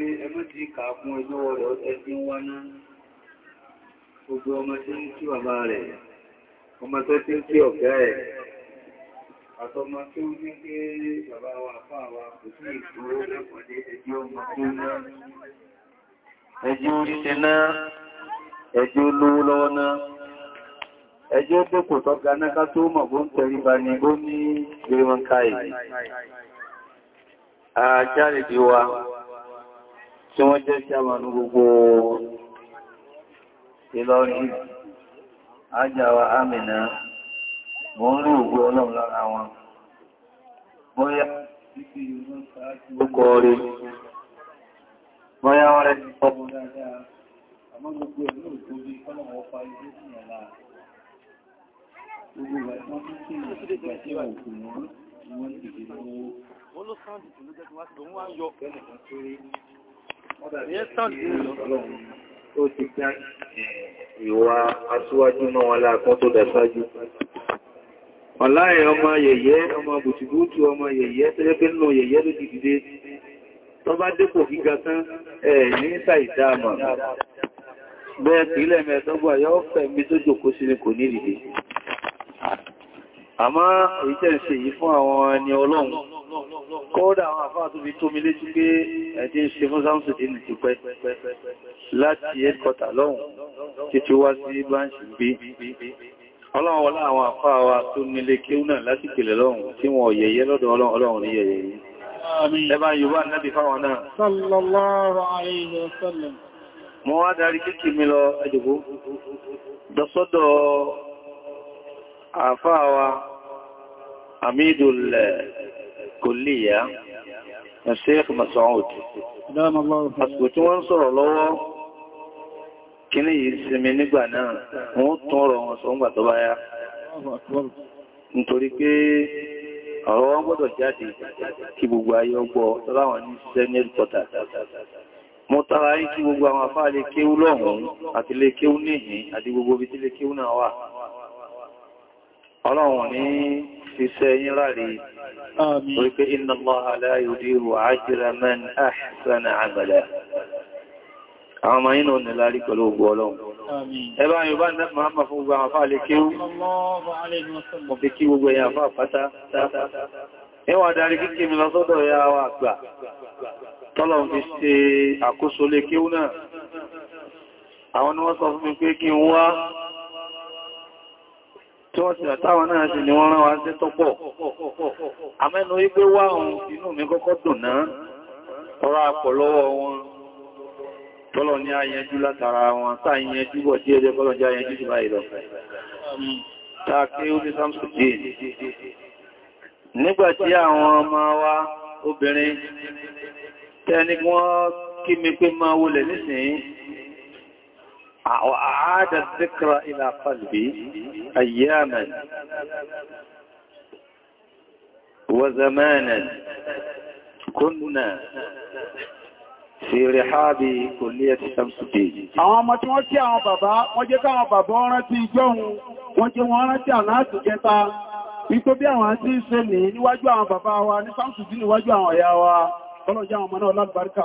ilé ẹmọ́ ti kà fún ẹjọ́ rẹ̀ ẹ̀sìn wá náà gbogbo ọmọ tí ń kí bàbá rẹ̀ ọmọ tó tí ń kí ọ̀gá ẹ̀ àtọmọ tí ó ní pé bàbá wa fáà wa kò sí ìgbòho lẹ́kọ̀ọ́dé ẹjọ́ ọmọ olówó lọ́wọ́ náà ẹjọ́ pé kò tọ́ga náà ká tó mọ̀ bó ń tẹríba ni ó ní gbẹ̀rẹ̀ wọn káyìí àjáre bí wa tí wọ́n jẹ́ sí àwọn gbogbo Ìlọrin ajáwa Amina mo ń rí ògbó ọlọ́run lára wọn bóyá títí ọkọ̀ rí bóyá wọ́n rẹ̀ ti pọ̀pọ̀ dáadáa àmọ́ gbogbo ẹ̀lú òtóbi kọ́lọ̀wọ́ pa ilé sí ẹ̀lá gbogbo ìgbà tí wọ́n tún sí ìgbà tí wọ́n kò wọ́n wọ́n ti dìde lọ́wọ́ Ó ti gbá ìwà aṣíwájú náà wọn láàkún tó dà sáájú. Ọláyẹ̀ ọmọ yẹ̀yẹ́, ọmọ bùtùbùtù ọmọ yẹ̀yẹ́ tó pé nínú yẹ̀yẹ́ ló ti dìde. Tọ́ bá dépò gíga tán, ẹ̀ ní sàìdá àmà. Bẹ́ẹ̀ sí ni kò ní dìde. Àmá èyí tẹ́ kódà àwọn àfáà tó fi tómi létí pé ẹ̀dí ń ṣe fún sáńsù dínú ti pẹ́ láti ẹ́kọ̀tà lọ́hùn títí wá sí báńṣì gbé ọlọ́run wọlá àwọn àfáà wa tó nílé kéwú náà láti pèlè lọ́hùn tí wọ́n yẹ̀yẹ́ lọ́dọ̀ ọlọ́run ní yẹ̀yẹ́ yìí ẹbá yorùbá náà bí fáwọn náà sallallahu alayhi wa sallam mo wá kò الشيخ مسعود دام الله àsìkò tí wọ́n ń sọ̀rọ̀ lọ́wọ́ kí ní ìsinmi nígbà náà wọ́n jáde kí gbogbo ayé ọgbọ́ tọ́láwọn ní kí gbogbo àwọn afáà lè lọ́hùn àti lè níhìn àti gbogbo ọlọ́run ní ṣiṣẹ́ yín láre wípé inna Allaha la yudi'u ajra man ahsana amala àwọn ọmọ inú ní lárí pẹ̀lú ogun ọlọ́run ẹbá yọba máa fún gbogbo àwọn afá lè kíú mọ̀ fi kí gbogbo ẹ̀yà afá pátá ẹwà darí kíkí mi lọ́sọ́dọ̀ àwọn ni wọ́n sọ fún mi pé kí n wá wọ́n ṣe àtàwọn náà ṣe ni wọ́n rán wa ṣe tọ́pọ̀. àmẹ́nu wípé wá ohun inú mi kọ́kọ́ dùn náà ọ̀rọ̀ àpọ̀ lọ́wọ́ wọn tọ́lọ ní ayẹjú látara wọn táà yẹjú bọ̀ tí ẹjẹ́ kọ́lọ̀ jẹ́ ayẹjú jù báyìí lọ tààkí ó ní sáàmù jẹ́ nígbàtí àwọn ọmọ wa obìnrin tẹ́ni wọ́n kí mi pé máa wọlẹ̀ nísìnyí وأعاد الذكر إلى قلبي أياما وزمانا كنا في رحاب كلية شمس الدين àwọn ọmọ tí wọ́n tí àwọn bàbá wọ́n jẹ́ káwọn bàbá ọ̀rán tí ìjọ́hun wọ́n jẹ́ wọ́n rántí àláàtì jẹta wípé bí àwọn tí ń ṣe ní níwájú àwọn bàbá wa ní sáàmùsùdí níwájú àwọn ọ̀yá wa ọlọ́jẹ́ àwọn ọmọ náà lágbàríkà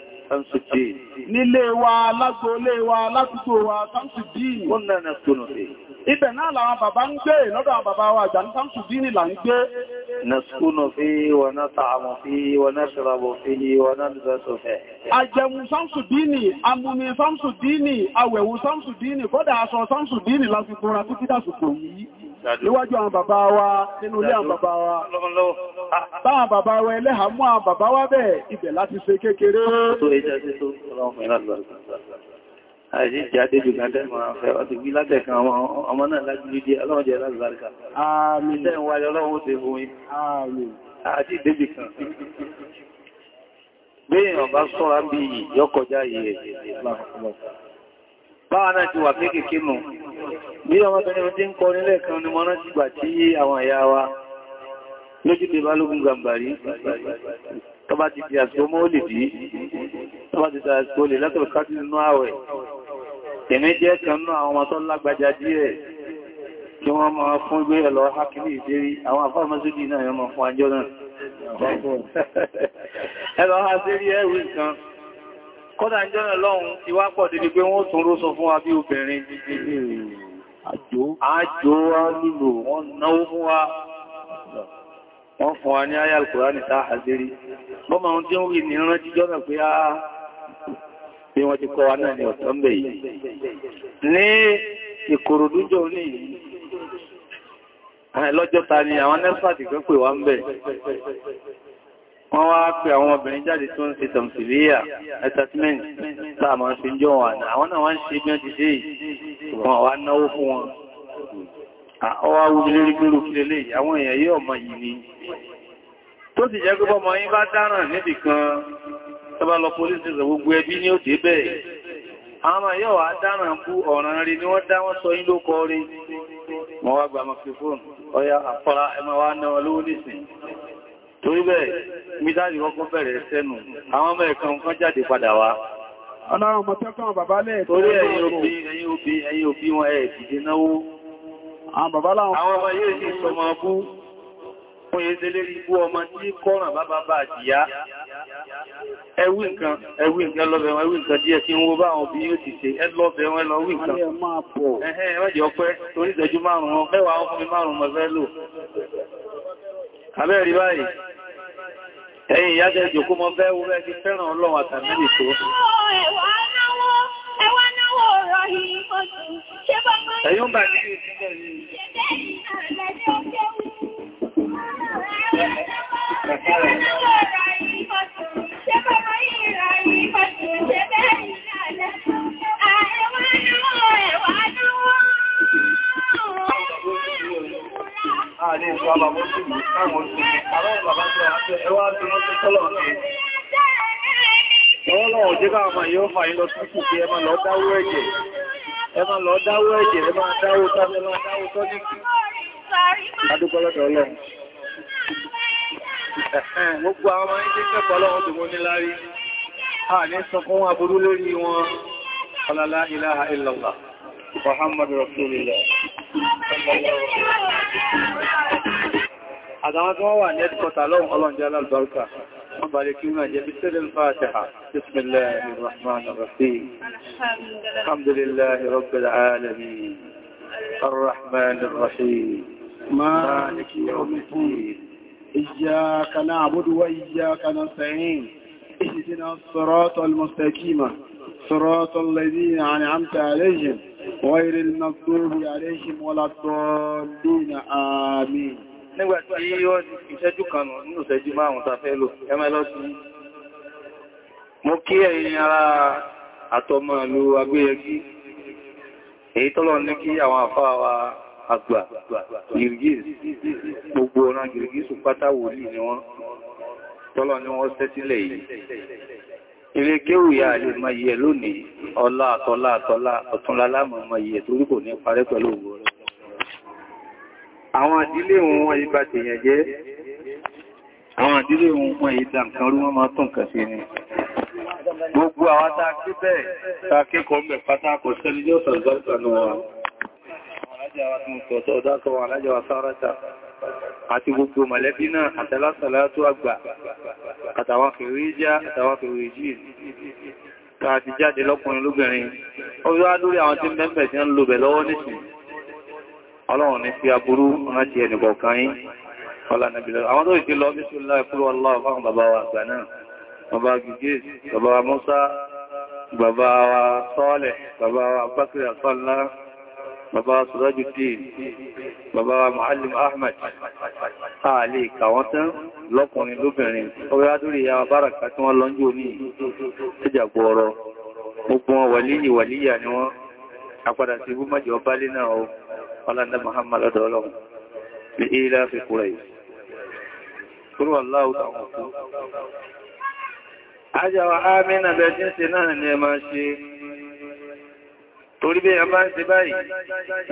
Ṣamsùdí. Nílé wa, lágbólé wa, wa, Ṣamsùdí. Ó nẹ́nà tónù sí. Ibẹ̀ náà làwọn bàbá ń gbé lọ́dọ̀ bàbá wa àjà ní Ṣamsùdí ni là ń gbé. Nàṣkúnù fi wọ̀n tààmù fi wọ̀n náà fi wọ̀n náà fẹ́. Àjẹmù Ṣamsùdí ni, amúni Ṣamsùdí ni, àwẹ̀wù Ṣamsùdí ni, kọ́dà aṣọ Ṣamsùdí ni láti fúnra tó kí dàsùkò yìí. Níwájú àwọn bàbá wa, nínú ilé àwọn bàbá wa. Táwọn bàbá wa ẹlẹ́hà mú àwọn bàbá wa bẹ́ẹ̀ ibẹ̀ láti ṣe kékeré. Tó ẹjá sí tó ọlọ́run ìlànà àìsí jáde jù gàndẹ́ ma fẹ́ ọdún bí látẹ̀kan ọmọ náà lájú jíde ọlọ́run jẹ́ láti bárìkà. Àmín. Iṣẹ́ ìwáyé ọlọ́run ó ti fún yín. Àmín. Àti ìdébì kan. Béèyàn bá sọ́ra bí yọ́kọjá yìí báwọn náà ti wà kéèkéé nù bí ọmọbìnrin tí ń kọ nílẹ̀ kan ni mọ́ná ti gbà tí àwọn ìyá wa lójúlé balógun gàmbàrí tọba ti di àṣò mọ́ lè dí tọba ti di àṣò lè látọ̀ káàkiri nínú àwẹ̀ ẹ̀mí jẹ́ kanú àwọn ọmọ tó lágbàjá díẹ̀ kí wọ́n máa fún gbé ẹ̀lọ hákìlì ìdérí àwọn afọ́mọ́sódì náà yọ máa fún àjọ náà ẹ̀lọ ha sí rí ẹ̀rù nǹkan kọ́dà ń jọ́nà lọ́hun ti wá pọ̀ dédé pé wọ́n tún ró sọ fún wa bí obìnrin àjò àjò wa nílò wọ́n náwó fún wa wọ́n fún wa ní ayé alkùránì tá àdérí bọ́mà ohun tí ó wí ní rán jíjọ́ náà pé áá bí wọ́n ti kọ́ wa náà ní ọ̀tọ́ mẹ́ yìí ní ìkòròdújọ ní lọ́jọ́ta ni àwọn nẹ́fàtì kan pè wá ń bẹ̀ wọ́n wá pè àwọn obìnrin jáde tó ń ṣe tọ̀msìlíyà entertainment táà máa fi ń jọ wọn àná àwọn náà wọ́n ṣe bí wọ́n ti ṣe wọn tó sì jẹ́ gbogbo ọmọ yín bá dáràn níbì kan tọba lọ polisi sọ gbogbo ẹbí ní òdé bẹ́ẹ̀ àwọn ọmọ yóò wá dáràn kú ọ̀ràn rí ni wọ́n dá wọ́n sọ yín ló kọ́ rí mọ́ wá gba mọ́kífóònù ọya àfọ́ra ẹmọ wá náà lówó nìsìn torí bẹ́ẹ̀ mídájì kọ́kọ́ bẹ̀rẹ̀ sẹ́nu àwọn ọmọ ẹ̀kan kan jáde padà wá ọlọ́run mọ̀ tẹ́kọ̀ bàbá lẹ́ẹ̀ torí ẹ̀yin òbí ẹ̀yin òbí ẹ̀yin òbí wọn ẹ̀ dìde náwó àwọn bàbá láwọn ọmọ yóò fún èsẹ lérí ikú ọmọ tí kọ́ràn bàbá bá jìyà ẹwí nǹkan lọ́bẹ̀ wọn ẹwí nǹkan díẹ̀ tí ń wo bá àwọn bí yóò ti ṣe ẹlọ́bẹ̀ wọn lọ wí nǹkan ẹ̀hẹ́ ẹ̀wẹ́jẹ̀ ọpẹ́ torí ìṣẹ́jú márùn-ún mẹ́wàá ọkùn mi márùn-ún mọ̀ fẹ́ lò abẹ́rí báyìí ẹ̀yìn ìyájẹ́ ìjòkó mọ́ fẹ́ wo bẹ́ẹ̀ ti fẹ́ràn ọlọ́run àtàmílì tó ẹ̀yún bàjẹ́ ìjìnlẹ̀ yìí Ọlọ́run jẹ́ káwọn ọmọ yóò fà yí lọ sí kìí ẹ máa ẹ̀jẹ̀, ẹ máa lọ dáwó tọ́jú. Adúgbọ́lọ́dọ̀ ọlọ́run. Gbogbo àwọn ọmọ ẹgbẹ́ kẹ́kọ̀ọ́ lọ́wọ́ tó mọ́ nílárí, a ní sọ fún aburú lórí wọn, ọlọ́lá ilaha illallah, Muhammadu Rasulullah. Àtàwọn tí wọ́n wà ní ẹ̀dùkọta lọ́wọ́ ọlọ́njẹ́ alábàrúkà, wọ́n bà lè kí wọ́n jẹ́ bí sílẹ̀ fàtíhà, Bismillahir Rahmanir Rahim. Alhamdulillahi Rabbil Alamin. إياك نعبد وإياك نستعين اهدنا الصراط المستقيم صراط الذين أنعمت عليهم غير المغضوب عليهم ولا الضالين آمين nígbàtí yóò ìṣẹ́jú kan nínú ìṣẹ́jú márùn-ún tafẹ́ lò ẹmẹ́lọ́ sí mú kí ẹ̀yin ara àtọmọ̀ ìlú agbéyẹgí èyí tọ́lọ ní kí àwọn àfáà wa àgbà gìrìgìs gbogbo ọ̀nà gìrìgìs pátá wòlíì ni wọ́n tọ́lọ ni wọ́n sẹ́ sílẹ̀ yìí ilé kéwùyà lè ma yẹ lónìí ọlá àtọ́lá àtọ́lá ọ̀túnlá lámọ̀ ma yẹ torí kò ní parẹ́ pẹ̀lú òwúrọ̀ àwọn àdílé wọn ibà tèèyàn jẹ́ àwọn àdílé wọn ìdà nǹkan rú wọn máa tún kà sí ni gbogbo àwọn tá a kí bẹ́ẹ̀ tá a kékọ̀ọ́ pátákọ̀ sẹ́lẹ̀ yóò sọ̀rọ̀ alájà wa tún tọ̀tọ̀ dákọ̀ alájà wa sáràtà àti gbogbo mọ̀lẹ́bí náà àtàlásàlátú àgbà àtàwà fèríjá àtàwà fèríjì tààtì jáde lọ́kùnrin lóbìnrin ọjọ́ lórí àwọn tí mẹ́mẹ́ tí ń lòbẹ̀ lọ́wọ́ nìsìn ọlọ́run ní fi aburú rántí ẹnìkọ̀ọ̀kan yín ọlànàbìlẹ̀ àwọn tó ìtí lọ bí sùlá ẹkúrò aláwọ̀ fáwọn bàbá wa bàbá Sirajuddin bàbá Muallim Ahmad ààlè kàwọn tán lọ́kùnrin lóbìnrin ọwọ́ adúrí ya báràkà tí wọ́n lọ́njú ní ìjàgbọ́ ọ̀rọ̀ gbogbo wọn wàlíyì wàlíyà ni wọ́n apadà sí ibú mọ́jọ bálé náà o ọlọ́dá Muhammad ọ̀dọ̀ ọlọ́run ní ilá fi kúrẹ̀ yìí torí bí ẹ̀yàn bá ń ṣe báyìí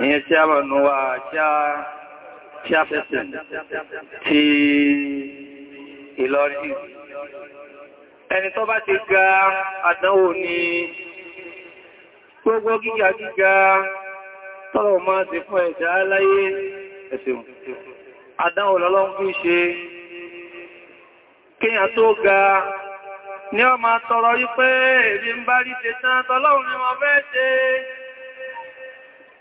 ìyẹn tí a mọ̀ nù wà tí a fẹ́sìn ti Ìlọrin ẹni tó bá ti ga àdánwò ní gbogbo gíga gíga tọ́lọ̀ máa ti fún ẹ̀dá aláyé ẹ̀sìn àdánwò lọ́lọ́ fún ṣe kíyàn tó ga ní ọmọ tọrọ yí pé èdè ń bá rí ṣe tán ni wọ́n fẹ́ ṣe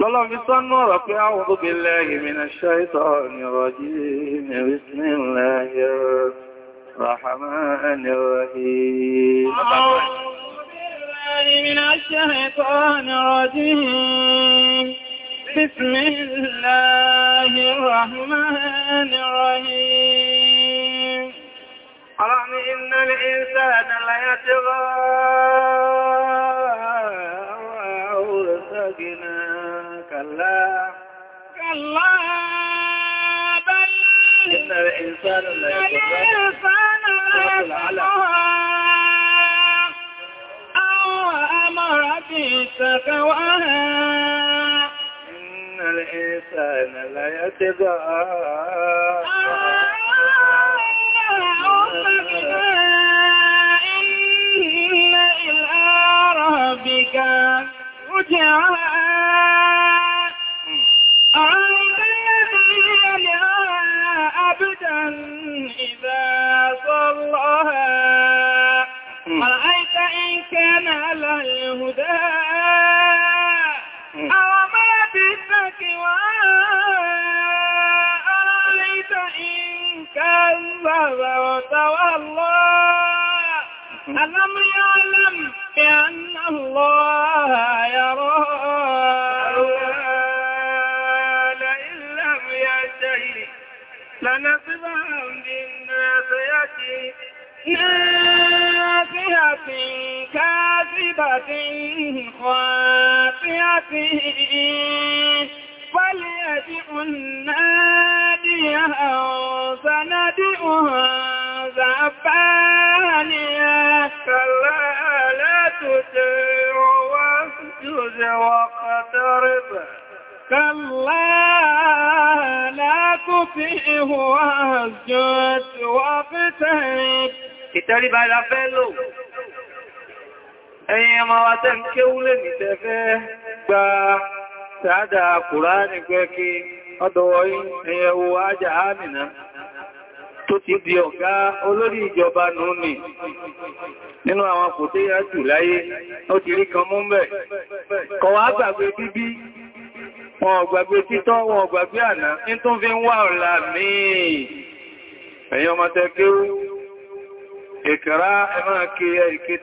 فلنفسنا رفيع أعوذ بالله من الشيطان الرجيم بسم الله الرحمن الرحيم من الشيطان الرجيم بسم الله الرحمن الرحيم قرأني إن الإنسان لا يتغى أو سكنان كلا كلا بل إن الإنسان لا يتغير أو أمر بتقواها إن الإنسان لا يتغير àná tó ti di ọ̀gá olórí ìjọba nùnì nínú àwọn kò tí yá jù láyé ó ti rí kan mú mẹ́ kọwàá gbàgbé bíbí wọn ọ̀gbàgbé títọ́ wọn ọ̀gbàgbé àná ní tó fi ń wà ọ̀la míì ẹ̀yin ọmọ tẹ́kéwú ìkẹ̀rá ẹ̀mọ́ kí ẹ ìké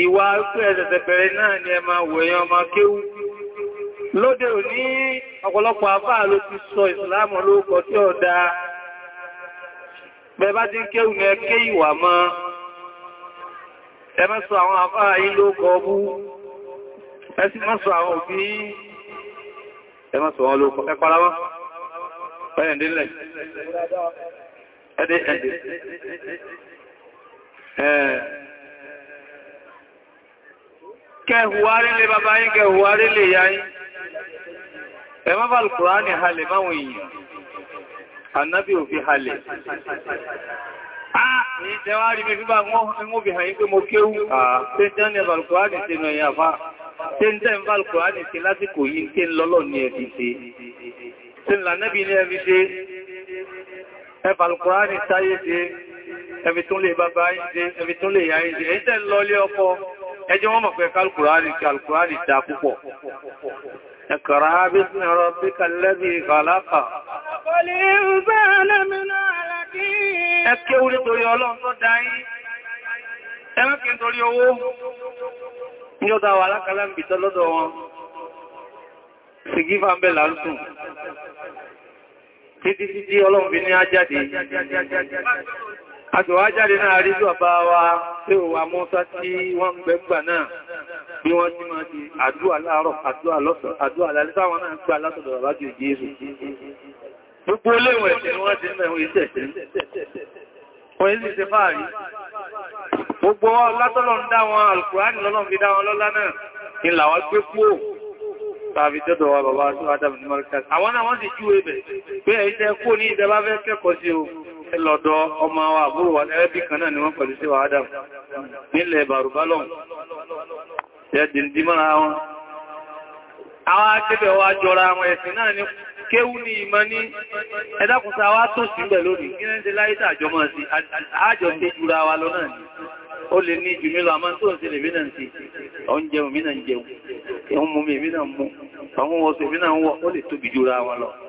ìwà pẹ́ ẹ̀tẹ̀tẹ̀pẹ̀rẹ̀ náà ni ẹ máa wòyàn ọmọ kéwú lóde òní ọ̀pọ̀lọpọ̀ àbá ló ti sọ ìsìláàmù lóòkọ̀ tí ó dáa bẹ̀bá tí ń kéwú ní ẹké ìwà mọ́ ẹ má sọ àwọn àbá yìí lóòkọ̀ ọbú ẹ sì má sọ àwọn òbí ẹ má sọ wọn lóòkọ̀ ẹ kẹhùwárí lè bàbá yín kẹhùwárí lè yá yín ẹ má bàl kùránì halẹ̀ máwọn èèyàn annabi ò fi halẹ̀ ní tẹwàrí mi fíbà wọ́n fi hàn fa tí jẹ́ ní bàl kùránì tí lásìkò yìí tí lọ́lọ́ ní ẹ̀fì ṣe tí lànẹ́bì ní ẹ̀fì ṣe ẹ bàl kùránì táyé ṣe ẹ̀fì tún lè bàbá ṣe ẹ̀fì tún lè yá yín ẹjẹ́ wọ́n mọ̀ pé kálùkùránì kálùkùránì dá púpọ̀ ẹ̀kọ̀rọ̀ ábísìn ọ̀rọ̀ bí kàlẹ́bí ìgbàlápà ẹkéwú nítorí ọlọ́run tó dáyí ẹmọ́kí nítorí owó ní ọdá wà alákàlá ń bìtọ́ lọ́dọ̀ wọn sì gífà ń bẹ lárùsùn títí títí ọlọ́run bí ní á jáde Àṣòwájáde náà rí jọ bá wa tí ó wà mọ́sá tí wọ́n gbẹ̀gbà náà bí wọ́n ti máa ti àdúwà láàárọ̀, àdúwà lọ́sàn, àdúwà lálẹ́ náà gbà látọ̀dọ̀ bàbá jù Gbogbo oléwọ̀ tàbí tẹ́tọ̀ wa bàbá Adam ní Markaz. Àwọn náà wọ́n jú ebẹ̀ pé ẹ̀ṣẹ́ kó ní ìdẹbá fẹ́ kẹ́kọ̀ọ́ sí o lọ́dọ̀ ọmọ àwọn àbúrò wa lẹ́rẹ́bì kan náà ni wọ́n pẹ̀lú sí wa Adam nílẹ̀ Bàrùbálọ̀n ẹ̀dìndímọ́ra wọn àwọn akẹ́bẹ̀ wa jọra àwọn ẹ̀sìn náà ni kéwú ní ìmọ̀ ní ẹ̀dàkùnsá wá tó sí bẹ̀ lórí gínẹ́ndẹ̀ láìsà àjọmọ̀ sí àjọ tó jùra wa lọ náà ni ó lè ní jù mílọ àmá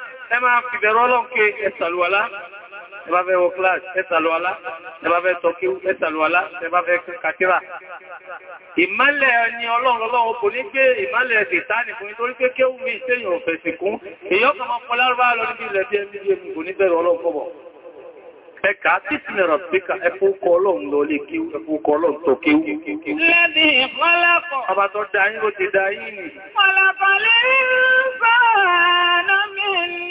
ẹ máa fi bẹ̀rọ ọlọ́nkẹ́ ẹ̀sàlùwàlá ẹbá fẹ́ wọ kíláàsì ẹ̀sàlùwàlá ẹbá fẹ́ tọ́kí ẹ̀sàlùwàlá ẹbá fẹ́ kàtírà ìmálẹ̀ ẹni ọlọ́run ọlọ́run kò ní gbé ìmálẹ̀ ẹ̀sìtáni fún nítorí pé kéwù mi ìṣẹ́yìn ọ̀fẹ́ sìnkún èyàn kan mọ́ pọ̀lárúbá lọ níbi ilẹ̀ bí ẹni yẹn kò ní bẹ̀rẹ̀ ọlọ́run kọ́bọ̀ ti dá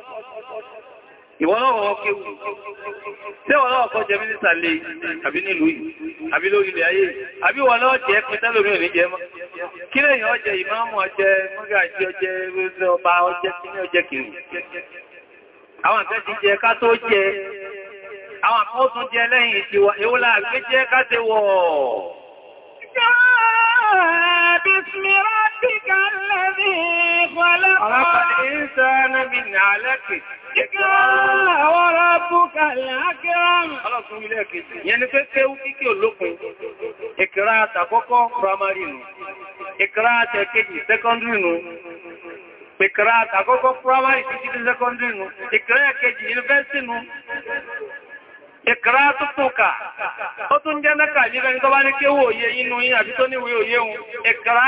ìwọ̀nà náà wọ́n tí wọ̀nà náà kọ́ jẹ mínísà lè àbí nílùú yìí ilẹ̀ ayé àbíwọ̀nà wọ́n náà jẹ́ jẹ mọ́ kí lẹ́yìn ọjẹ́ ìmáàmù ọjẹ́ mọ́gàjí ọjẹ́ ọba ọjẹ́ ربك الذي خلق الإنسان من علك Ìkàlá wọ́rọ̀ búkà lákẹ́rán. Ọlọ́sùn ilé ẹ̀kẹ́sì. Yẹn ni fẹ́ tẹ́ ó kíkẹ́ olókun. Ìkìrá àtàkọ́kọ́ primary nù. Ìkìrá àtẹ́kẹ́jì secondary nù. Ìkìrá àtàkọ́kọ́ primary títí dé secondary nù. Ìkìrá ẹ̀kẹ́jì university nù. Ìkìrá tó pùkà. Ó tún jẹ́ mẹ́kà nílẹ̀ ní tó bá ní kéwò òye inú yín àbí tó níwé òye òun. Ìkìrá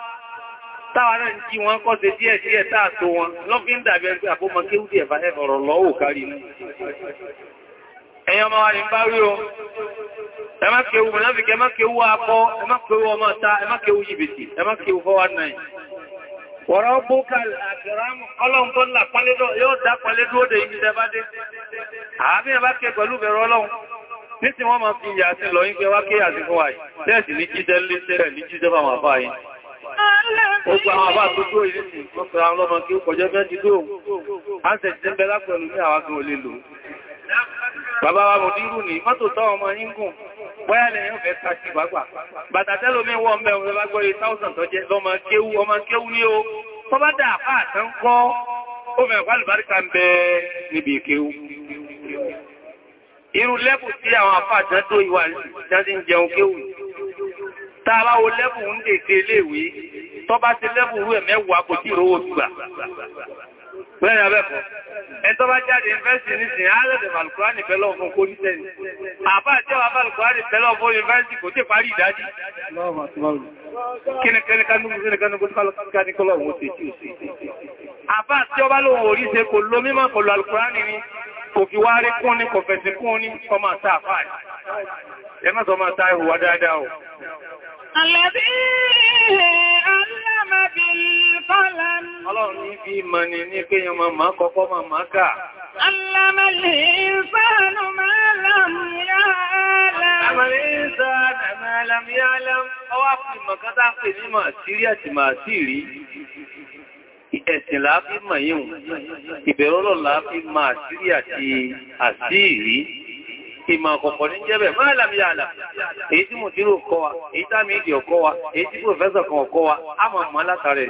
táwa náà jí wọn kọ́ ṣe díẹ̀ díẹ̀ táà tó wọn lọ́fín dàbí ẹgbẹ́ àbọ́mọ kí ó dìẹ̀ bá ẹ̀rọ lọ́wọ́ kárí ní ẹ̀yàn ọmọ wa ní bá rí o ẹmákẹwù mọ̀láfíkẹ́ ẹmákẹwù akọ ẹmákẹwù ọmọ ta ẹmákẹwù jìbìtì ẹmákẹwù forward nine wọ̀rọ̀ bókà àgbẹ̀rámù ọlọ́run tó lápálẹ́dọ́ yóò dá pálẹ́dọ́ òdè ibi tẹ́bádé àábí ẹbá kẹ pẹ̀lú bẹ̀rọ ọlọ́run ní tí wọ́n máa fi ìyà sí lọ yí pé wá kí àsìkò wáyìí lẹ́ẹ̀sì ní jíjẹ́ lé tẹ́rẹ̀ ní jíjẹ́ bá máa fáyìí Gbogbo àwọn àbá tó tó yìí sí, wọ́n fẹ́ àwọn ọmọ kí ó kọjọ́ mẹ́jì lóòun. A ń ti ń bẹ lápẹ̀lú ní àwọn agbẹ̀ olè lò. Bàbá wa mòdírù ní mọ́tò tọ́ ọmọ yín gùn, bọ́yá lẹ́yìn ọ̀fẹ́ tàṣì gbàgbà. ń bẹ níbi tó bá ti lẹ́bù rú ẹ̀ mẹ́wàá kò tí ìrówó gbà Bẹ́ẹ̀ni abẹ́kọ̀. Ẹ̀tọ́ bá jáde ìfẹ́sì ní sin ààrẹ̀dẹ̀ Malkurani pẹ̀lọ́ fún kó ní tẹ́ni. Àbá àjẹ́wà Malkurani pẹ̀lọ́ fún ìfẹ́sì kò tí parí ìdájí. Àbá àti ọba lóhun orí ṣe kò ló mímọ̀ kò lọ Alkurani ni, kò fi wá rí kún ní kò fẹ̀sì kún ní ọmọ àta àfáà. Ẹ má sọ máa ta ìhùwà dáadáa o. Àlàbí alama bil qalam. Ọlọ́run ní fi mọ̀ ní ní pé yọmọ máa kọ́kọ́ máa máa kà. Alama al-insanu ma lam ya'lam. Alama al-insanu ma lam ya'lam. Ọwá fi mọ̀ sírí àti màá ìmọ̀ ọ̀kọ̀kọ̀ ní jẹ́bẹ̀ máa làmì àlà èyí tí mo ti rò kọ́ wa èyí tàmì ìdí ọkọ́ wa èyí tí pòfẹ́sọ̀ kan ọkọ́ wa a mọ̀ mọ́ látàrẹ̀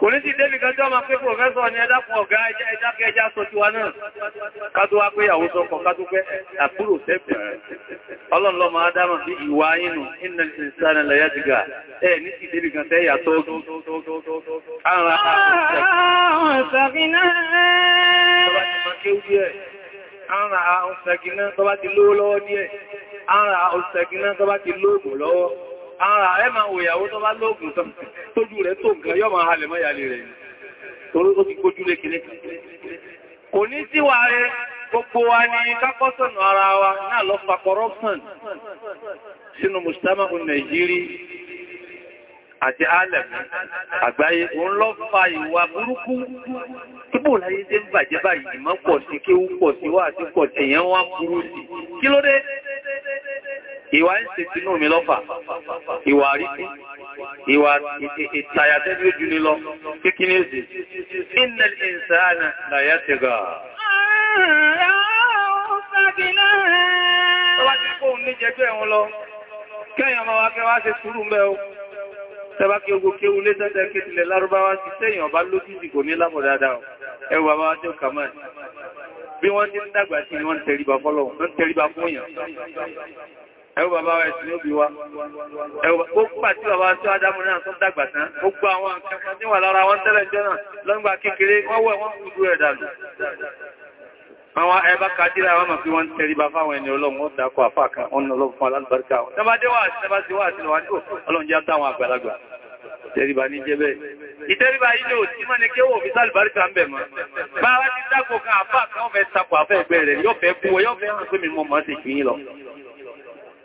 kò ní sí débì kan jọ ma pé pòfẹ́sọ̀ ni ẹdákùn ọ̀gá ẹjákẹ́ ẹjá sọ ti náà kátó wá pé ìyàwó sọ kan kátó pé àkúrò sẹ́pẹ̀ ọlọ́nlọ́ ma dámà sí ìwà ayínú iná ìsànà lẹ́yà ní ara ah, ẹ máa wò ìyàwó tó bá lóògùn tójú rẹ̀ tó nǹkan yọ́ máa halẹ̀ mọ́ ìyàlẹ̀ rẹ̀ torí ó ti kójú lé kìlẹ̀ kò ní síwà rẹ̀ gbogbo wa ni kápọ́sọ̀nù ara wa náà lọ fa corruption sínú mùsùlùmá nàìjírí àti alẹ̀ àgbáyé òun lọ fa ìwà burúkú tí bò láyé tí ń bàjẹ́ báyìí ìmọ̀ pọ̀ sí kéwú pọ̀ sí wà sí pọ̀ tẹ̀yẹn wá burú sí kí ló ìwà ń ṣe tínú mi lọ́fà ìwà àríkú ìwà ìtàyàtẹ́ bí ó jù ní lọ kíkí ní èsì innal insana la yatgha Tẹ́bá kí ogun kí ewu lé tẹ́tẹ́ kí tilẹ̀ lárúbáwá ti tẹ́yìn bá lójújì kò ní lápọ̀ dáadáa ẹwà bàbá wá tí ó kà máa bí wọ́n ti ń dàgbà sí ni wọ́n tẹríba fọ́lọ̀ wọ́n tẹríba fún èèyàn ẹwọ bàbá wa ẹ̀sìn òbí wa ẹwọ gbogbo àti bàbá tí ó Ádámù náà tó dàgbà tán gbogbo àwọn akẹ́kọ̀ọ́ tí wà lára wọn tẹ́lẹ̀ jọ náà lọ́gbà kékeré wọ́n wẹ̀ wọ́n kúrú ẹ̀ dàlù àwọn ẹbá kàdíra wọn mọ̀ pé wọ́n tẹ̀rí bá fáwọn ẹni ọlọ́run wọ́n dákọ̀ àfáàkà wọn ọlọ́run fún alábàríkà wọn tẹ́bá dé wà tẹ́bá sí wà sí lọ wà ní ọlọ́run jẹ́ àtàwọn àgbàlagbà tẹ́ríbà ní ò tí mọ́ ní kéwò fi sálìbáríkà ń bẹ̀ mọ́ bá wá ti kan àfáàkà wọ́n fẹ́ sapọ̀ àfẹ́ ẹgbẹ́ rẹ̀ yóò fẹ́ kú wọ́n yóò fẹ́ hàn pé mi mọ́ mọ́ sí kìí lọ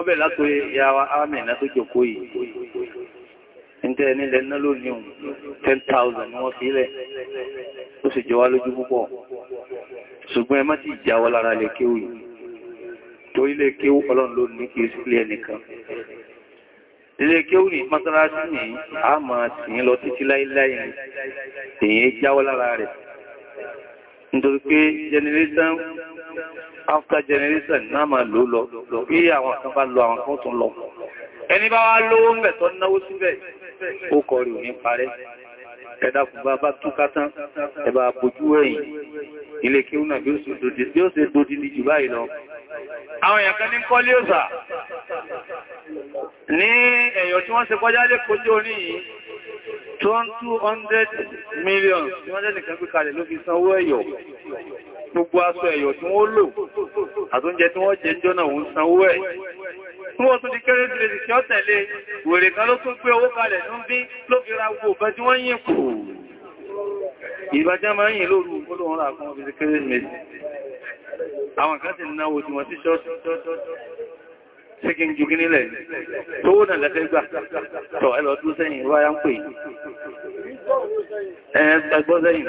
ọbẹ̀ látòrí ìyàwó àmì ìná tó jòkó yìí ǹtẹ́ nílẹ̀ náà ló ní 10,000 ni wọ́n fi ilẹ̀ ó sì jọ wá lójú púpọ̀ ṣùgbọ́n ẹ má ti ìjáwọ́ lára lè kéwù yìí tó ilé kéwù ọlọ́run ló ní kí ilé ẹnìkan ilé kéwù ní mọ́sálásí ní a máa sìn lọ nítorí pé generation after generation náà máa lò lọ bí àwọn kan bá lọ àwọn kan tún lọ ẹni bá wá lówó ń bẹ̀ tó náwó síbẹ̀ ó kọrí òní parẹ́ ẹ̀dàkùn bá bá túká tán ẹ̀bà àpòjú ẹ̀yìn ilé kí ó náà bí ó ṣe dòdì ní jù báyìí lọ àwọn èèyàn kan ní kọ́lé òsà ní ẹ̀yọ̀ tí wọ́n ṣe kọjá lé kojú orí yìí tó ń 200 million tí wọ́n jẹ́ nìkan pé kalẹ̀ ló fi sanwó ẹ̀yọ̀ gbogbo aṣọ ẹ̀yọ̀ tí wọ́n lò àtúnjẹ tí wọ́n jẹ jọ náà wọ́n sanwó ẹ̀ fún ọ̀tún di kéré tí lè ti ṣọ́ tẹ̀lé wèrè kan ló tún gbé owó kalẹ̀ tó ń bí ló fi ra gbogbo ọ̀bẹ tí wọ́n yìn kù ìbájá máa ń yìn lóru olóhun rà fún ọ̀bẹ̀ kéré mẹ́sì àwọn kan sì náwó tí wọ́n ti ṣọ́ọ̀tì ṣé kí n ju kí nílẹ̀ tó wó náà lẹ́fẹ́ gbà tọ̀ ẹ lọ dún sẹ́yìn wáyá ń pè ẹgbẹ́gbọ́ sẹ́yìn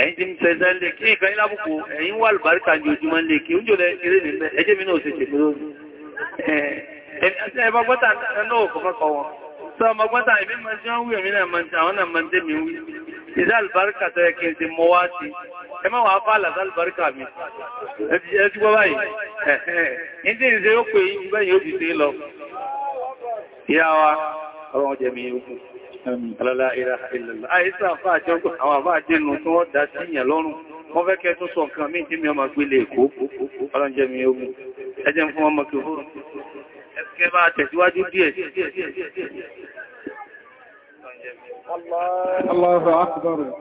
ẹ̀yìn tí ń tẹ̀sẹ̀ lè kí ìkan ilábùkù ẹ̀yìn wà lùbáríkà ní ojúmọ́ lè kí oúnjẹ lẹ eré nílẹ̀ ẹjẹ́ mi náà sì ṣe pẹ̀lú ẹgbọ́gbọ́ta náà kọ̀ọ̀kọ̀ wọn sọ ọmọgbọ́ta ìbí mọ́ sí wọ́n wí ẹ má wà fà làzálùbáríkà mi ẹjú gbọ́ báyìí ẹ̀ẹ́dì ìṣe ó pè yí gbẹ́yìn ó ti ṣe lọ ìyá wa ọlọ́run jẹ́ mi ikú alálá ìlàlá àìsà àfà àjọ́gbọ̀ àwọn àfà àjẹ́nu tí wọ́n dá sí ìyàn lọ́rùn wọ́n fẹ́ kẹ́ tó sọ nǹkan mí tí mi ọmọ gbélé èkó ọlọ́run jẹ́ mi ogun ẹjẹ́ fún ọmọ kí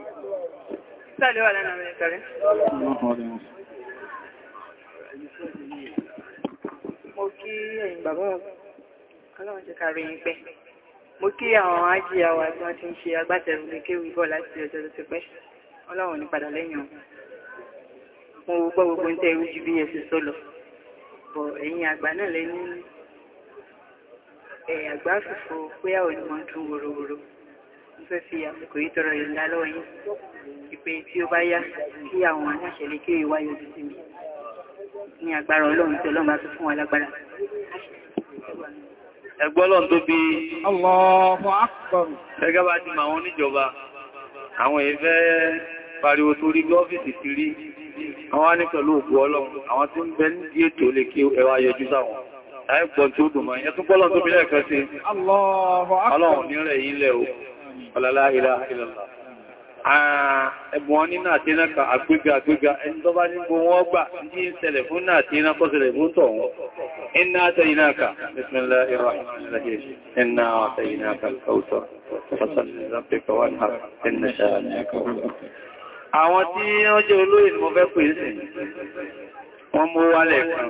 Sali wala na mwenye kare. Mo kí ẹ̀yin bàbá ọlọ́run ti kàrí yín pẹ́. Mo kí àwọn ájíyàwó àti wọ́n ti ń ṣe agbátẹrù lè kéwì bọ́ láti ọjọ́ tó ti pẹ́. Ọlọ́run ní padà lẹ́yìn ọ̀hún. Mo gbọ́ gbogbo ń tẹ́ ewu ju bí ẹ̀sìn tó lọ. Bọ̀ ẹ̀yin àgbà náà lẹ́ni ẹ̀yà àgbà fìfò pé àwọn ènìyàn tún wòròwòrò fẹ́ fi àsìkò yìí tọrọ ìrìnlá lọ́wọ́ yìí ìpè tí ó bá yá kí àwọn aláṣẹ lè kí ìwáyé ojú sí mi ní agbára ọlọ́run tí ọlọ́run bá tún fún wa lágbára. ẹgbọ́n lọ́n tó bí ẹgbẹ́ bá ti mọ àwọn oníjọba àwọn ìfẹ́ pariwo tó rí lọ́fíìsì ti rí àwọn á ní pẹ̀lú òkú ọlọ́run àwọn tó ń bẹ ní ètò lè kí ẹwà yọjú sáwọn ẹgbọ́n tó dùn mọ́ ẹ̀yẹ́ tó gbọ́lọ́n tó bí lẹ́ẹ̀kan sí ọlọ́run nílẹ̀ yìí lẹ́ o ọlọ́lá ìlà ìlọ́lá ẹ̀bùn ní nàtíná kan àgbéga àgbéga ẹni tó bá ní gbò wọ́n gbà ní ìṣẹ̀lẹ̀ fún nàtíná kọ́ ṣẹlẹ̀ fún tọ̀ wọ́n iná àtẹ̀yìnà ka bismillahir rahmanir rahim iná àtẹ̀yìnà ka kàútọ̀ àwọn tí wọ́n jẹ́ olóyìn mo fẹ́ wọ́n mú wálẹ̀ kan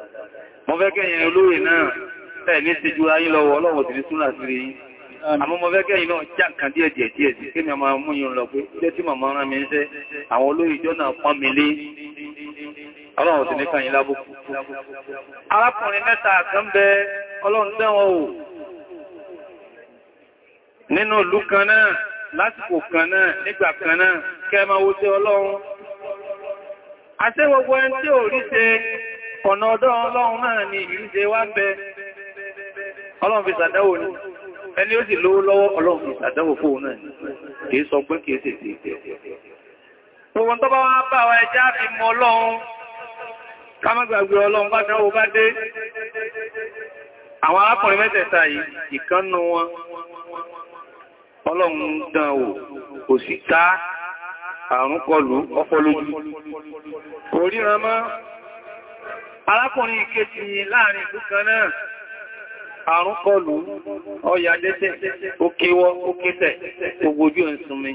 mo fẹ́ kẹ́yìn olóòrè náà ẹ̀ ní ti ju ayín lọ́wọ́ ọlọ́wọ́ sí ní súnà sí rí yín àmọ́ mo fẹ́ kẹ́yìn náà já nǹkan díẹ̀ díẹ̀ díẹ̀ sí kí ni a máa mú yín lọ pé jẹ́ tí màmá rán mi ń sẹ́ àwọn olóyè ìjọ náà pọ́n mi o nínú ìlú kan náà lásìkò kan náà nígbà kan náà kẹ́ máa wo sí ọlọ́run àṣẹ́gbogbo ọ̀nà ọ̀dọ̀ ọlọ́run náà ni ìrìnṣẹ́ wá bẹ ọlọ́run fi sàdáwò ní ẹni ó sì lówó lọ́wọ́ ọlọ́run fi sàdáwò fóò náà kìí sọ pé kìí sì mọ ọlọ́run ọlọ́run bá bá dé dán kò sí àrùn arákùnrin ìkejì láàrin ìlú kan náà àrùn ọya dete òkèwọ́ òkèsẹ̀ gbogbo ìsinmi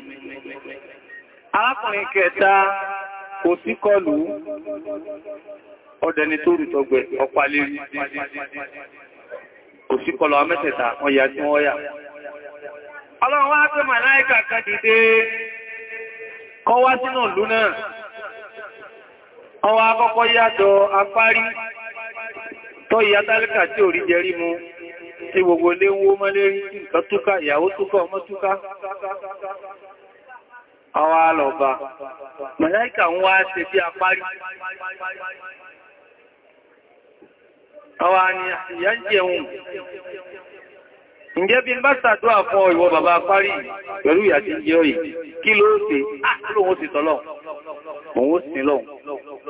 arákùnrin kẹta kò sí kọlù ọdẹni tó ameteta, ọya tí wọ́n yà ọlọ́run wá pé màláìkà kan dìde ọwọ́ akọ́kọ́ yàtọ̀ apárí tó ìyá tálíkà tí ò rí mu tí gbogbo lé wó mọ́lérí nǹkan túká ìyàwó túká ọmọ túká àwọn alọ̀bà màláìkà ń wá ṣe bí apárí àwọn ǹjẹ́ bí n bá ṣàdúrà fún ọ ìwọ bàbá parí pẹ̀lú ìyà tí jẹ́ òyì kí ló ṣe áàlùwò sí tọ́lọ̀ òun sí lọ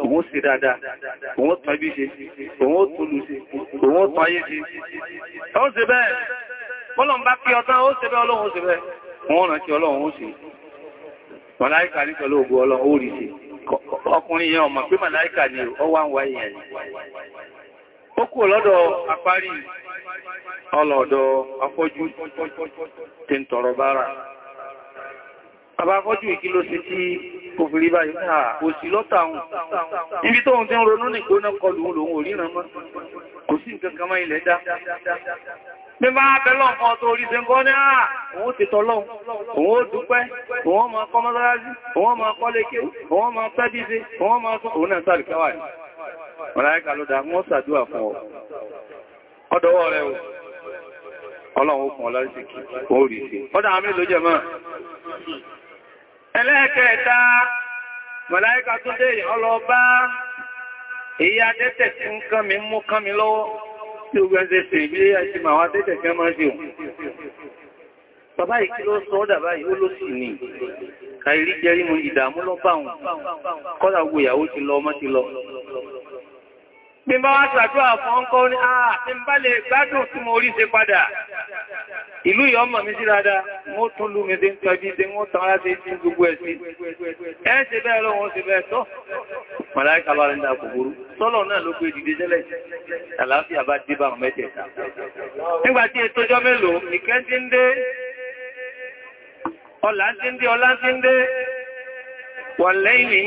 òun sí dáadáa òun tọ́ ibi ṣe òun tọ́lù ṣe òun tọ́ ayé ṣe ó ṣe bẹ́ẹ̀ bọ́lọ̀n bá pí ọtán ó ṣe bẹ́ẹ̀ ọlọ́run ṣe bẹ́ẹ̀ wọ́n màláìkà ní pẹ̀lú ògbó ọlọ́run ó rí ṣe ọkùnrin yẹn ọmọ pé màláìkà ni ọwá ń wáyé yẹn ó kú lọ́dọ̀ àparí ọlọ́dọ̀ afọ́jú tí ń tọrọ bára àbáfọ́jú ìkí ló sí tí kò fi rí báyìí náà kò sí lọ́tàun ibi tó ń tí ń ronú nìgbóná kọlù lòun ò ríran mọ́ kò sí nǹkan kan mọ́ ilẹ̀ dá bí bá bẹ́lọ̀ kan tó orí ṣe ń kọ́ ní àà òun ti tọ́lọ́ òun ó dúpẹ́ òun ó máa kọ́ mọ́sálásí òun ó máa kọ́ lékè òun ó máa pẹ́ bí òun ó máa sọ òun náà sáré Màláíkà ló dá wọ́n ṣàdúrà fún ọ. Ọdọ̀wọ́ rẹ̀ Ọlọ́run fún ọlọ́sìkì, ó Ọdá àmì ló jẹ máa. Ẹlẹ́ẹ̀kẹta, Màláíkà tó dé ọlọ́bá, èyí adẹ́tẹ̀ tí ń kán mi mú kán mi lọ́wọ́ tí ó gbẹ́sẹ̀ sí ibi àti màá adẹ́tẹ̀ kẹ́ máa jù. Bàbá mu ìyàwó ti lọ ọmọ ti lọ. Bí bá wá ṣàdúrà fún ọkọ́ ní àà ah, tí ń bá lè gbádùn tí mo rí ṣe padà. Ìlú ìyọ́mọ̀ mi sí dáadáa, mo tún lú mi dé ń tọ́jú dé wọ́n tàn láti sí gbogbo ẹ̀sí. Ẹ ṣe bẹ́ẹ̀ lọ wọ́n ṣe bẹ́ẹ̀ tọ́. Màláìkà bá rí ń da kòkòrò. Sọ́lọ̀ náà ló pé dìde jẹ́lẹ̀. Àlàáfíà bá dé bá mẹ́tẹ̀ẹ̀ta. Nígbà tí ètò ọjọ́ mélòó, ìkẹ́ ti ń dé, ọlá ti ń dé, ọlá ti ń dé, wà lẹ́yìn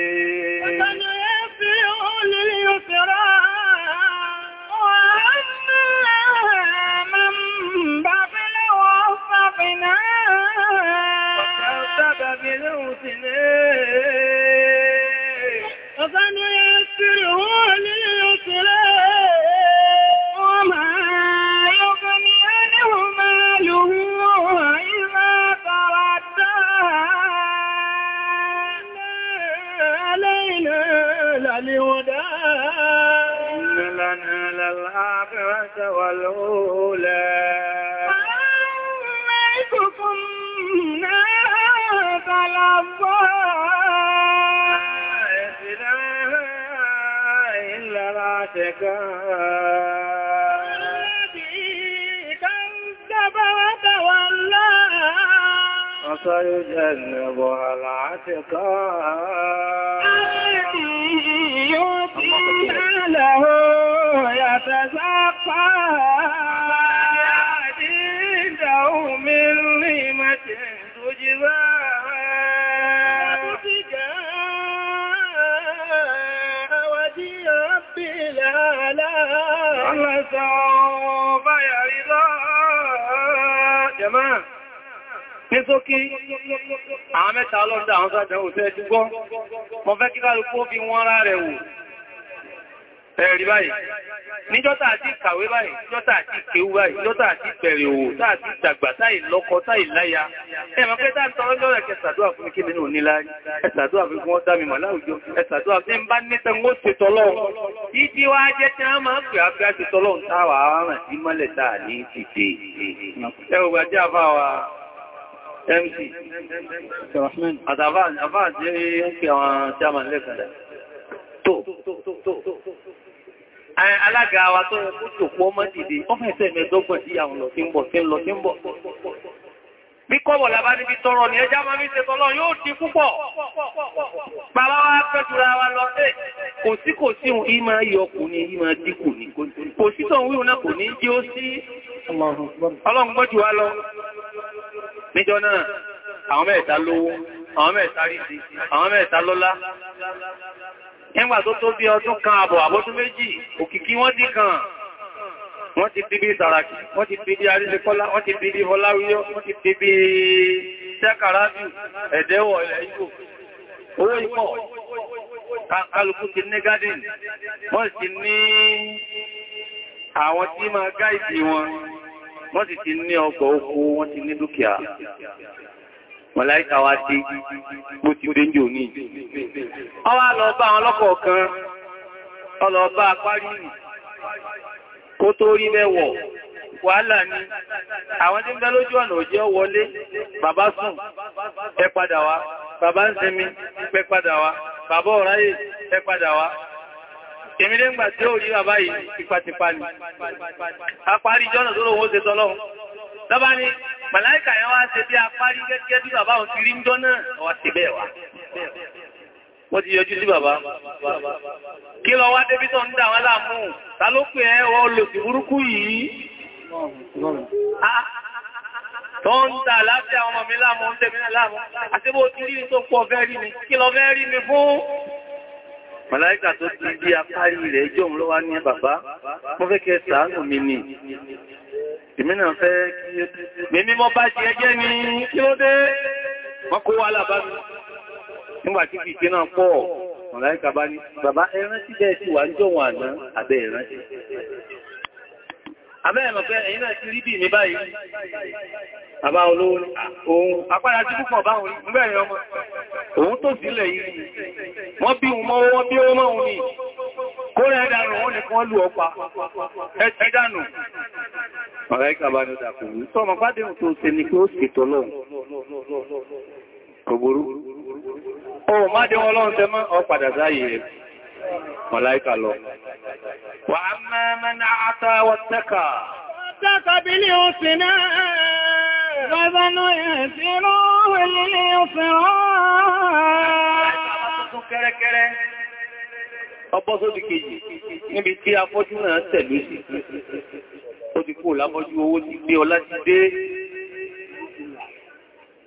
كان الذي كذب وتولى وسيجنبها العتقى الذي يؤتي له يتزكى sókè àwọn mẹ́ta ọlọ́dá àwọn sàdẹ̀wò tẹ́ dúgbọ́ mọ́ fẹ́ kí kálùkú ó fi wọ́n rá rẹ̀ wò ẹ̀rí báyìí níjọ́ta àti kàwé báyìí níjọ́ta àti kéwú báyìí níjọ́ta àti bẹ̀rẹ̀ òwò táà ti dàgbà táì lọ́kọ táì láya ẹ̀mọ̀ pé táà ń tọrọ lọ́rẹ̀ kẹsàdúwà fún kí nínú níláyé ẹsàdúwà fún wọ́n dá mi mọ̀ láwùjọ ẹsàdúwà fún ń bá nítẹ̀ ń ó ṣe tọ́lọ́ ìdí wa jẹ́ tí a máa ń pè áfíà ṣe tọ́lọ́ ń táwà àárẹ̀ sí mọ́lẹ̀ táà ní ìdíje mc àtàbà àti mp àwọn chairman lẹ́kàdà tó alága wa tó yẹ kó tòpọ̀ mọ́dìdì ọ́fẹ́sẹ̀ mẹ́dọ́gbọ̀n sí àwọn lọ sí ń bọ̀ sí ń lọ sí ń bọ̀ bí kọ́bọ̀ lábá níbi tọrọ ní ẹjá máa ń ṣe tọ́lọ yóò ti púpọ̀. Bàbá wa pẹ́jùra wa lọ sí kò sí kò sí ohun ìmá yọkù ní ìmá díkù ní kò sí tọ̀ wíwọ́n náà kò ní jí ó sí ọlọ́run gbọ́jù wa lọ níjọ́ náà àwọn mẹ́ta lówó àwọn mẹ́ta ríṣi àwọn mẹ́ta lọ́lá nígbà tó tó bí ọdún kan àbọ̀ àbọ́dún méjì òkìkí wọ́n ti kàn wọ́n ti fi bí sàràkì wọ́n ti fi bí arílẹ̀kọ́lá wọ́n ti fi bí ọláwíyọ́ wọ́n ti fi bí sẹ́kàrábì ẹ̀dẹ́wọ̀ ilẹ̀ Ìgbò owó ipọ̀ kálukú ti ní gádìn wọ́n ti ní àwọn tí máa gáìdì wọn wọ́n sì ti ní ọgbọ̀ oko wọ́n ti ní dúkìá mọ̀láíkà wá sí bó ti dé jò ní ọwá lọ bá àwọn ọlọ́kọ̀ kan ọlọ́ọ̀bá parí kó tó rí mẹ́wọ̀ wàhálà ni àwọn tí ń bẹ lójú ọ̀nà òjẹ́ wọlé bàbá sùn ẹ padà wá bàbá ń sinmi padà wá bàbá Èmi lé ń gbà tí ó rí bàbá yìí tipatipa ni. A parí jọ́nà tó lówó ṣe tọ́lọ́run. Lọ́bá ni, màláìkà yẹn wá ṣe bí a parí gẹ́gẹ́ bí bàbá òun ti rí ń jọ́nà, ọwá ti bẹ́ẹ̀ wá. Wọ́n ti yọjú sí bàbá. Kí lọ wá débí tó ń dà wọ́n láàmú, ta ló pè ẹ́ wọ́n lòdì burúkú yìí? tó ń dà láti àwọn ọmọ mi láàmú, ń tẹ̀mí láàmú, Màláíkà tó ti bí apárí rẹ̀ jọun lọ́wọ́ ní bàbá, mo fẹ́ kẹ sàánù mi ni. Ìmínà fẹ́ kí mímí mọ́ bá ti ẹjẹ́ ni kí ló dé? Wọ́n kó wá lábá mi. Nígbà tí kìí náà pọ̀, màláíkà bá ní, bàbá ẹran tí bẹ́ẹ̀ ti àbẹ́ẹ̀mọ̀ pé ẹ̀yìn náà ti rí bí mi báyìí àbá olówó ohun apára tí púpọ̀ bá orí gbẹ̀rẹ̀ ọmọ òun tó sílẹ̀ yìí wọ́n bí wọn wọ́n bí wọ́n mọ́ òun ní kó rẹ̀ ẹ̀dànù wọ́n lè kán lù ọpa ẹ̀dànù ọ̀rẹ́ ìkàbánidà kò ní tọ́mọ pádéhùn tó ṣe ni kí ó ṣètò lọ́wọ́ kògbòrú ohun وأما من أعطى واتقى واتقى باليسنى فسنيسره لليسرى Ọbọ́ sódì kejì níbi tí afọ́jú náà tẹ̀lú sí, ó ti kú lábọ́jú owó ti gbé ọlá ti dé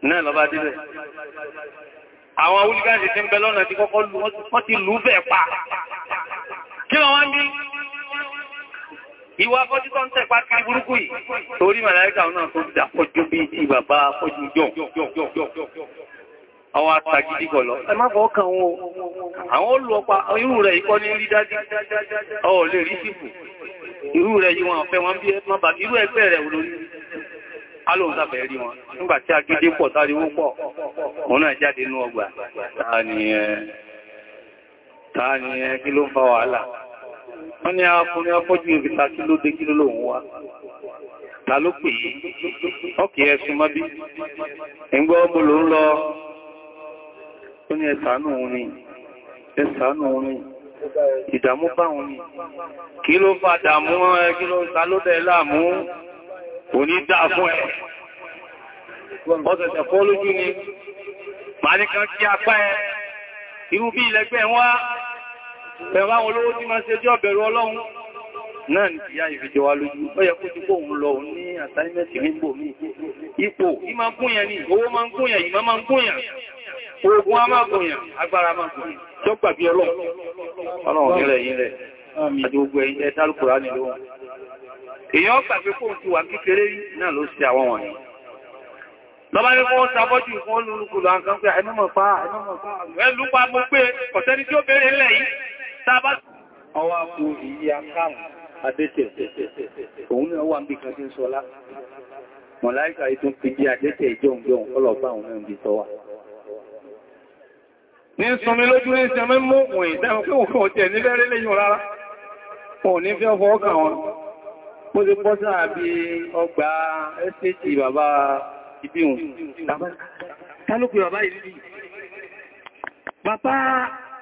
náà lọ bá dílẹ̀. Àwọn awúlígáàdì tí ń bẹ lọ́nà ti kọ́kọ́ lù wọ́n ti lù bẹ̀ pa. Kí wọ́n wá ń ìwà afọ́jú tó ń tẹ̀ pàtàkì burúkú yìí torí màláríkà náà tó dàpọ̀jú bí ti bàbá afọ́jú jọ àwọn àtàgídíkọ̀ lọ ẹ má fọ́ kan wọn àwọn olùọpa irú rẹ̀ ikọ́ ní rí dájú ọ lè rí sípù irú rẹ̀ yí wọn fẹ́ wọn bí ẹ má bà irú ẹgbẹ́ rẹ̀ olórí alóhùnsáfẹ́ rí wọn nígbàtí agídé pọ̀ sáriwó pọ̀ mọ́ náà jáde nú ọgbà táà ni ẹ kí ló ń fa wàhálà wọ́n ní ọkùnrin ọpọ́jú ìrìta kí ló dé kí ló lòun wá ta ló pè yí ọkì ẹ̀sùn mọ́bí ẹ̀ngbọ́ ọmọ ló ń lọ ó ní ni ẹ̀sànú òun bá òun ni kí fa kí ló ta ló dẹ̀ láàmú dá fún ni ẹ̀wà olówó tí máa ṣe jẹ́ ọ̀bẹ̀rù ọlọ́run náà ni ìyá ìfìjọ wa lójú ó yẹ kó ti kó òun lọ ní àsáìmẹ́sì nígbò mí ipò ìmá ni owó máa ń kúnyàn ìmá máa ń kúnyàn ogun a máa kúnyàn agbára máa kúnyàn tó gbàgbé ọlọ́run ọlọ́run nílẹ̀ yìí rẹ̀ àti gbogbo ẹ̀ta lùkùrá nílò wọn èèyàn gbàgbé kóhun ti wà kékeré náà ló ṣe àwọn wọ̀nyí lọ́bá ní fún ṣàbọ́jú fún olùrùkùlù àǹkan pé ẹnúmọ̀ pa ẹnúmọ̀ pa ẹlúpa gbogbo ọ̀tẹ́ni tí ó bèèrè lẹ́yìn tàbá ọwá kú ìyí akáàmù adẹ́tẹ̀ òun náà wà ń bí kan tí ń sọlá mọ̀láíkà ìtún fi jí adẹ́tẹ̀ ìjọun jọun ọlọ́pàá òun náà ń bí sọwà ní sọmi lójú ní ìsẹ̀mẹ́ mú òun ìtẹ́hùn pé òun ò tẹ̀ nílẹ̀ rí lẹ́yìn rárá òun ní fẹ́ fọ́ ọkàn wọn mo bàbá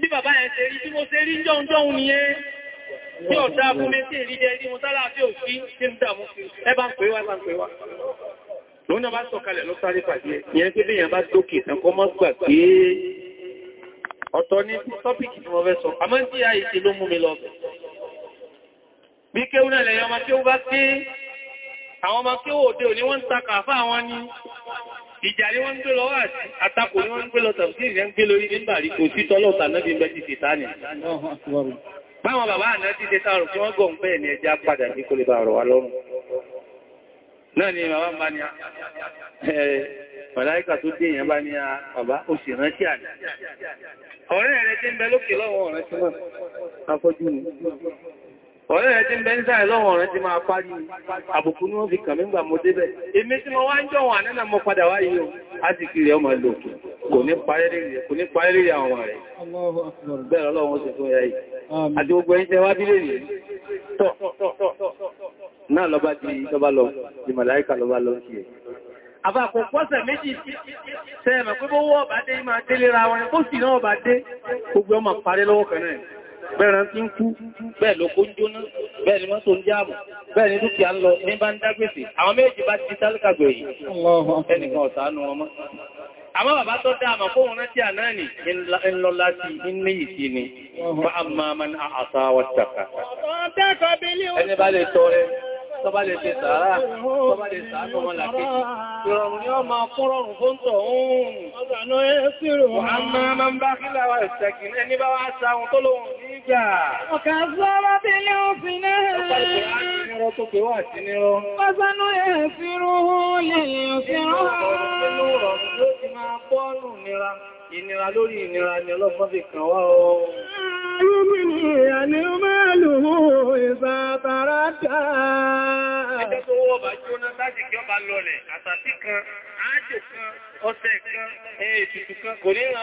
bí bàbá ẹ̀ ṣe rí tí mo ṣe rí jọun-jọun ni ẹ́ tí ó dá fún mi sí ìrídẹ rí mo sálà tí ò sí tí ń dàmú ẹ bá ń pè wá bá ń pè wá lóun náà bá sọ̀kalẹ̀ ló sáré pàdé ìyẹn pé bíyàn bá dókè ìtànkọ́ mọ́ gbà pé ọ̀tọ̀ ní tọ́pìkì tí mo fẹ́ sọ àmọ́ tí a ìsì ló mú mi lọ bẹ̀ ìjà ni wọ́n ń gbé lọ wà sí àtakò ni wọ́n ń gbé lọ tàbí ìrẹ́ ń gbé lórí nígbàrí kò sí tọ́lọ́ta náà bí mẹ́jì tìta nì báwọn bàbá àná ti ṣe táàrùn tí wọ́n gọ̀ ń bẹ́ẹ̀ ni ẹja padà ní kó ni bàbá bá ní ọ̀láìkà ọ̀rẹ́ rẹ̀ tí ń bẹ lókè lọ́wọ́ ọ̀rẹ́ tí wọ́n afọ́jú ni ọ̀rẹ́ rẹ̀ tí ń bẹ ń sáà lọ́wọ́ rẹ̀ ti máa parí àbùkù ní wọ́n fi kàmí ń gbà mọ́ débẹ̀. èmi tí mo wá ń jọ wọn ànẹ́nà mọ́ padà wáyé o á sì kiri ọmọ lòkù kò ní parẹ́ lórí àwọn rẹ̀ bẹ́ẹ̀ lọ́wọ́ sì fún ẹ̀yà àti gbogbo ẹ̀yìn tẹ́wà bí lè rí tọ́ náà lọ́bá di lọ́bá lọ di màláíkà lọ́bá lọ sí ẹ̀ àbákò pọ́sẹ̀ méjì sẹ́ẹ̀mẹ̀ pé bó wọ́ ọ̀bá dé máa délé ra wọn kó sì náà ọ̀bá dé gbogbo ọmọ parí lọ́wọ́ kan bẹ́ẹ̀rẹ̀ tí ń kú bẹ́ẹ̀ ló kó jóná bẹ́ẹ̀ ni mọ́tò ń jáàbù bẹ́ẹ̀ ni dúkìá ń lọ ní bá ń dágbèsè àwọn méjì bá ti tálíkàgbò èyí ẹnìkan ọ̀sánú ọmọ àmọ́ bàbá tó dáàmà fóhun rántí àná nì ń lọ láti tọba lè ṣe sàárà tọba lè sàárà ọmọ làkejì ìrọ̀rùn ni ó máa fún rọrùn fún tọ̀ oòrùn ọ̀dànà ẹ́sìrò àmà máa ń bá kílà wa ìṣẹ̀kìn ẹni bá wá sáhun tó lóhun nígbà ọ̀kà sọ́rọ̀ bí ilé òfin náà ọ̀pọ̀ tó pè wà sí nírọ́ pásánú ẹ̀ẹ́sìrò lè òfìrọ́ ìnira lórí ìnira ni ọlọ́pọ̀ fi kàn wá ọ̀rọ̀ Àmàlùhù ìsàtàrádà. Ẹjọ́ tó wọ́ bá jóná láti kí ọ bá lọlẹ̀, àtàtí kan, ájò kan, ọ̀sẹ̀ kan, ètùtù kan, kò ní ra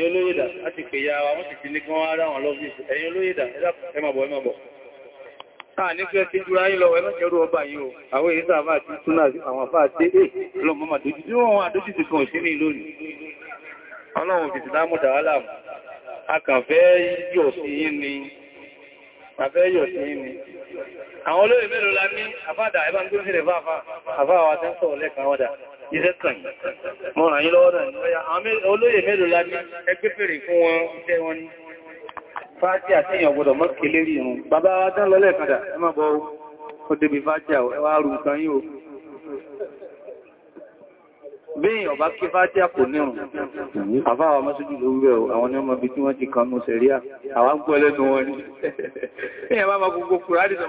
ẹ̀yin olóyèdà láti pè ya wa wọ́n sì ti ní kí wọ́n ara wọn lọ́bí ẹ̀yin olóyèdà ẹmàbọ̀ ẹmàbọ̀ náà ní pé tíjú ráyí lọ ẹmẹ́kẹrù ọba yìí o àwọn èyí sáà àti túnà àwọn àfáà tí è lọ́mọ màdójú tí wọ́n àdójú ti kàn sí ní lónìí ọlọ́run fi ti dámú dàálà akàfẹ́ yọ̀ sí ní àfẹ́ yọ̀ sí ní àwọn olóyè mélòó la ní àfádà ẹbá ń gbé iṣẹ́ kàn yìí mo ràn yín lọ́wọ́ náà olóyè mélòó la ní ẹgbẹ́ fèrè fún wọn iṣẹ́ wọn ní fàájì àti èèyàn gbọdọ̀ mọ́ kélé rí irun bàbá adán lọ́lẹ̀ kàdà ẹ má bọ́ ó débi fàájì ẹwà rú nǹkan yìí o bí èèyàn bá kí fàájì àpò nírun àfá àwọn mọ́sójú ló rẹ̀ àwọn ní ọmọ ibi tí wọ́n ti kan mú sẹ̀rí àwọn gbọ́ ẹlẹ́nu wọn ní èèyàn bá gbogbo kùrádìsọ̀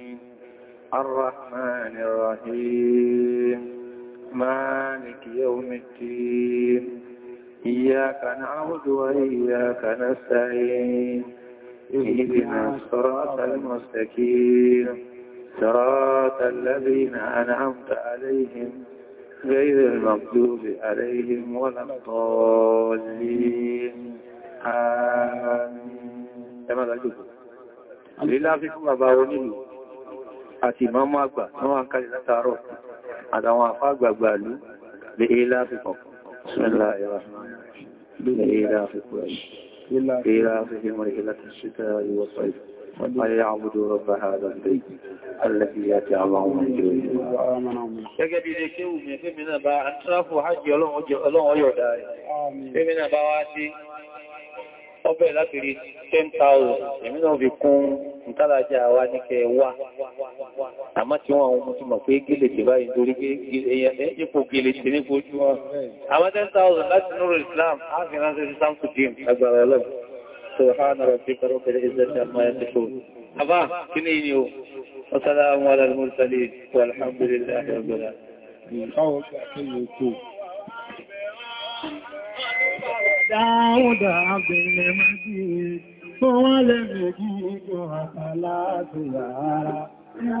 الرحمن الرحيم مالك يوم الدين إياك نعبد وإياك نستعين اهدنا الصراط المستقيم صراط الذين أنعمت عليهم غير المغضوب عليهم ولا الضالين آمين كما ذلك لله فيكم أباوني àti ìmámù àgbà tí wọ́n kalẹ̀ látàárọ̀ àtàwọn àfá àgbàgbà ìlú lè èlà àfikàn ṣílá ìrà lè èlà àfikàn إلى آخر مرحلة الشتاء والصيف فليعبدوا رب هذا البيت الذي يجعلهم من جوه gẹ́gẹ́ bí ilé kéwù mi fẹ́mìnà bá àtúráfù hajji ọlọ́run ọyọ̀ dáre fẹ́mìnà bá wá sí ọbẹ̀ láti rí 10,000 èmi náà fi kún ìtàlájá wa ní kẹ wá àmá tí wọ́n ohun tí mọ̀ pé gílè tí báyìí torí ipò gílè tí ní kojú wọn àmá 10,000 láti nínú Islam áàfin ránṣẹ́ sí sáàmù dìm agbára ọlọ́run سبحان ربك رب العزة عما يصفون أبا كنين يو وسلام على المرسلين والحمد لله رب العالمين dáúdà abẹ̀rẹ̀ májí tó wọ́n lẹ́gbẹ̀ kí ìjọ àtàlá àti yàrá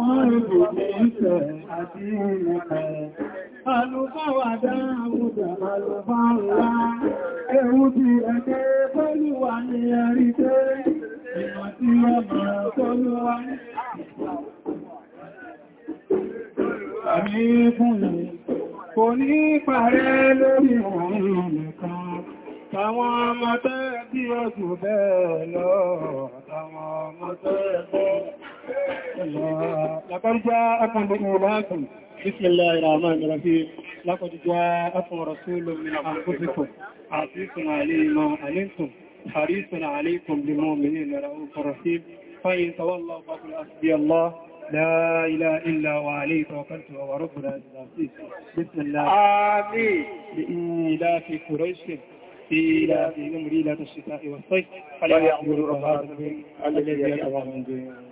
wọ́n rúgbò ní ìfẹ́ àti ìrìnlẹ̀ alùfáwà dáúdà alùfáwà ẹ̀rù ti ẹgbẹ́ pẹ̀lú wà ní ẹ̀rí tẹ́ ìmọ̀ tí wọ́n mọ̀ pẹ̀lú wà ní Àmì fún mi, kò ní parẹ́ lórí ọ̀rọ̀ nìkan. Àwọn ọmọ tẹ́ bí ó jù bẹ́ẹ̀ lọ, àwọn ọmọ tẹ́ bẹ́ẹ̀ lọ. Làkọ́ jẹ́ akọ̀ndé ìrìnàkùn, Bismillahirrahmanirrahim. Laqad ja'akum rasulun min anfusikum azizun 'alayhi ma 'anittum harisun 'alaykum لا إله إلا هو عليه وربنا وهو بسم الله آمين في قريش في إلى في الشتاء والصيف فليعبدوا رب هذا الذي يدعو من دونه